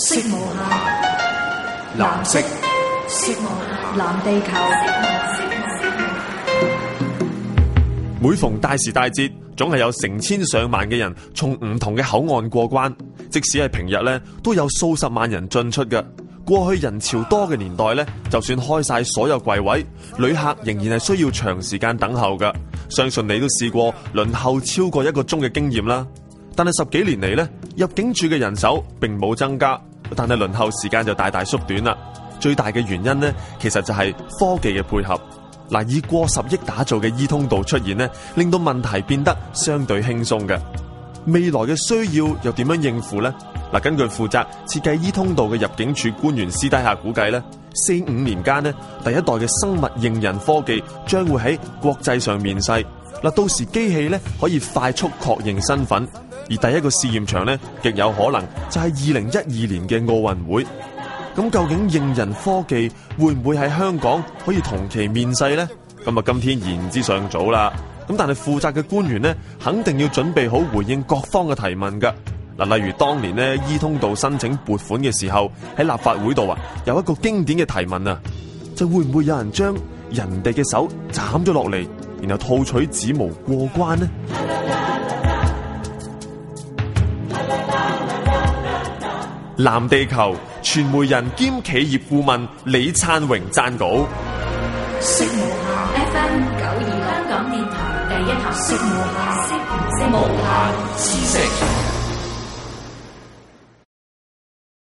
色無限，藍色，色無模限色，藍地球。模模每逢大時大節，總係有成千上萬嘅人從唔同嘅口岸過關。即使係平日咧，都有數十萬人進出嘅。過去人潮多嘅年代咧，就算開晒所有櫃位，旅客仍然係需要長時間等候嘅。相信你都試過輪候超過一個鐘嘅經驗啦。但係十幾年嚟咧，入境處嘅人手並冇增加。但係輪候時間就大大縮短啦。最大嘅原因呢，其實就係科技嘅配合。嗱，以過十億打造嘅 E 通道出現呢，令到問題變得相對輕鬆嘅。未來嘅需要又點樣應付呢？嗱，根據負責設計 E 通道嘅入境處官員私底下估計呢，四五年間呢，第一代嘅生物認人科技將會喺國際上面世。嗱，到時機器呢，可以快速確認身份。而第一個試驗場呢，極有可能就係二零一二年嘅奧運會。咁究竟認人科技會唔會喺香港可以同期面世呢？咁啊，今天言之尚早啦。咁但係負責嘅官員呢，肯定要準備好回應各方嘅提問噶。嗱，例如當年呢，E 通道申請撥款嘅時候，喺立法會度啊，有一個經典嘅提問啊，就會唔會有人將人哋嘅手斬咗落嚟，然後套取指模過關呢？藍地球傳媒人兼企業顧問李燦榮撰稿。